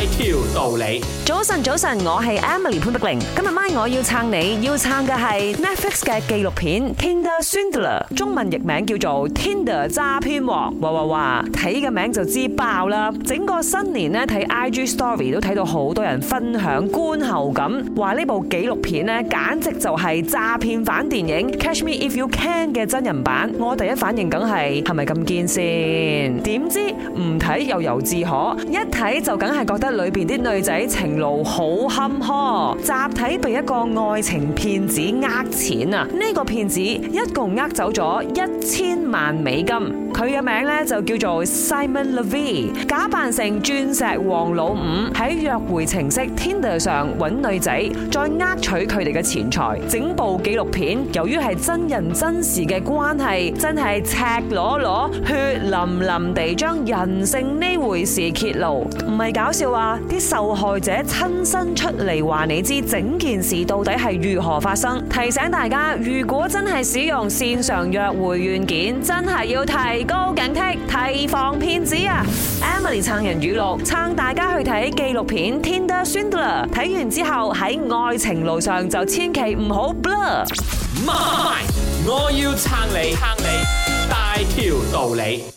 一條道理。早晨，早晨，我係 Emily 潘德玲。今日咪我要撐你，要撐嘅係 Netflix 嘅紀錄片《Tinder Swindler》中文譯名叫做《Tinder 詐騙王》。哇哇哇，睇個名就知爆啦！整個新年呢，睇 IG Story 都睇到好多人分享觀後感，話呢部紀錄片呢，簡直就係詐騙犯電影《Catch Me If You Can》嘅真人版。我第一反應梗係係咪咁堅先？點知？唔睇又由自可，一睇就梗係覺得裏邊啲女仔情路好坎坷，集體被一個愛情騙子呃錢啊！呢個騙子一共呃走咗一千萬美金，佢嘅名咧就叫做 Simon Levy，假扮成鑽石王老五喺約會程式 Tinder 上搵女仔，再呃取佢哋嘅錢財。整部紀錄片由於係真人真事嘅關係，真係赤裸裸、血淋淋地將人。人性呢回事揭露，唔係搞笑啊！啲受害者親身出嚟話你知整件事到底係如何發生。提醒大家，如果真係使用線上約會軟件，真係要提高警惕，提防騙子啊！Emily 撐人語錄，撐大家去睇紀錄片《Tinder Swindler》，睇完之後喺愛情路上就千祈唔好 blur。媽咪，我要撐你，撐你大條道理。